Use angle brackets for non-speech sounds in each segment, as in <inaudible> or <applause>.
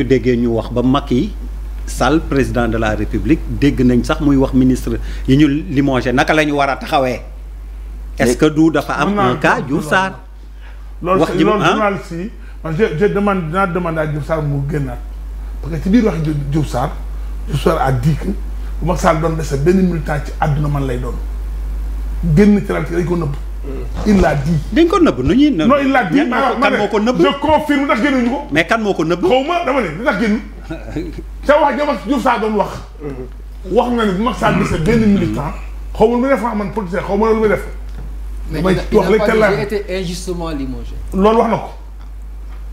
ñu déggee ñu wax ba yi Sall président de la république dégg nañ sax muy wax ministre yi ñu limogé naka lañu war a taxawee. est-ce que du dafa am un cas Diouf Sarr. wax ji loolu ah? journaliste yi man je je demande dinaa demande mu génnaat parce que biir wax Diouf Sarr Diouf Sarr a dit que bu Macky Sall doon dese benn militant ci àdduna man lay doon génn ci laaj dañ ko nëbb. il l'a dit. dañ ko nëbb nu ñuy nëbb. non il l'a dit kan ah, moo ko nëbb. je confirme ndax génnuñu ko. mais kan moo ko nëbb. xaw ma dama ne ndax génn. ca wax jama Diouf Sarr doon wax. Mm-hmm. wax nga ne bu mag Sarr gisee mm-hmm. benn militant. xaw ma lu muy def ah man politicien xaw ma lu muy def. mais il n'a pas été loolu wax na ko.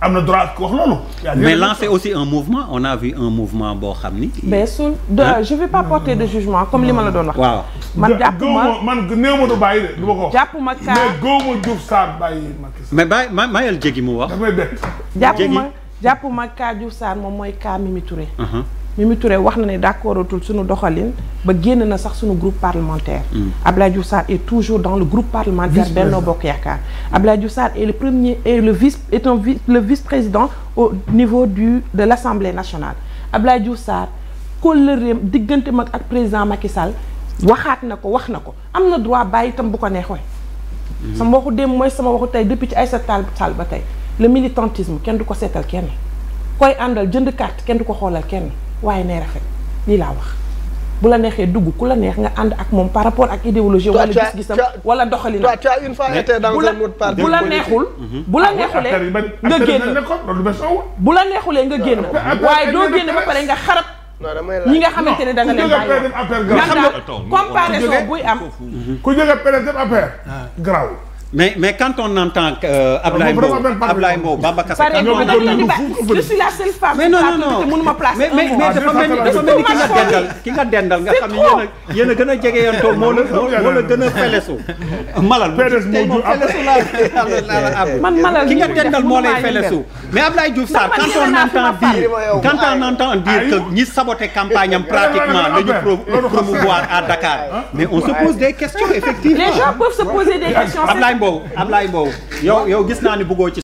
am na droit ko wax loolu. mais lancer aussi un mouvement on a vu un mouvement boo xam ni. beesul de je vais pas porter de jugement comme li ma la doon wax. waaw man jàpp ma man néew ma du bàyyi de du ma ko wax. jàpp ma kaa mais góob ma Diouf Sarr bàyyi Macky Sall. mais bàyyi ma mu wax. damay bett jéggi jàpp ma ma kaa Diouf moom mooy kaa Mimi Touré. Uh-huh. Mimi Touré wax na ne d'accordatul suñu doxalin ba génn na sax suñu groupe parlementaire mm. Abdoulaye Diouf Sarr est toujours dans le groupe parlementaire Benno Bokk Yaakaar Abdoulaye Diouf Sarr est le premier et le vice est un vice le vice-président au niveau du de l'Assemblée nationale Abdoulaye Diouf Sarr kóllëreem diggante mag ak président Macky Sall waxaat na ko wax na ko am na droit bàyyi itam bu ko neexee mm-hmm. sama waxu dem mooy sama waxu tey depuis ci Aïssata Tall ba tey le militantisme kenn du ko seetal kenn koy àndal jënd carte kenn du ko xoolal kenn waaye nay rafet lii laa wax bu la neexee dugg ku la neex nga ànd ak moom par rapport ak idéologie wala gis-gisam wala doxalin bu la neexul ah, bu la neexulee nga génn bu la neexulee nga génn waaye ah, doo ah, génn ba pare nga xarab ñi nga xamante ne da nga leen bàyyi nga xam ne comparaison buy am ku jóge PDS dem affaire garaaw mais mais quand on entend euh, Ablaye Mbow Ablaye Mbow Bamba Kassé quand on entend je suis la seule femme mais non non non mais mais ah, dafa mel ni dafa mel ni ki nga dendal ki nga dendal nga xam ne yéen a yéen a gën a jege yantoo moo la moo la gën a felesu <laughs> malal moom felesu laa ab ki nga dendal moo lay felesu mais Ablaye Diouf Sarr quand on entend dire quand on entend dire que ñi saboté campagne am pratiquement la ñu promouvoir à Dakar mais on se pose des questions effectivement les gens peuvent se poser des questions Ablaye Mbow Ablaye Mbow yow yow gis naa ni bëggoo ci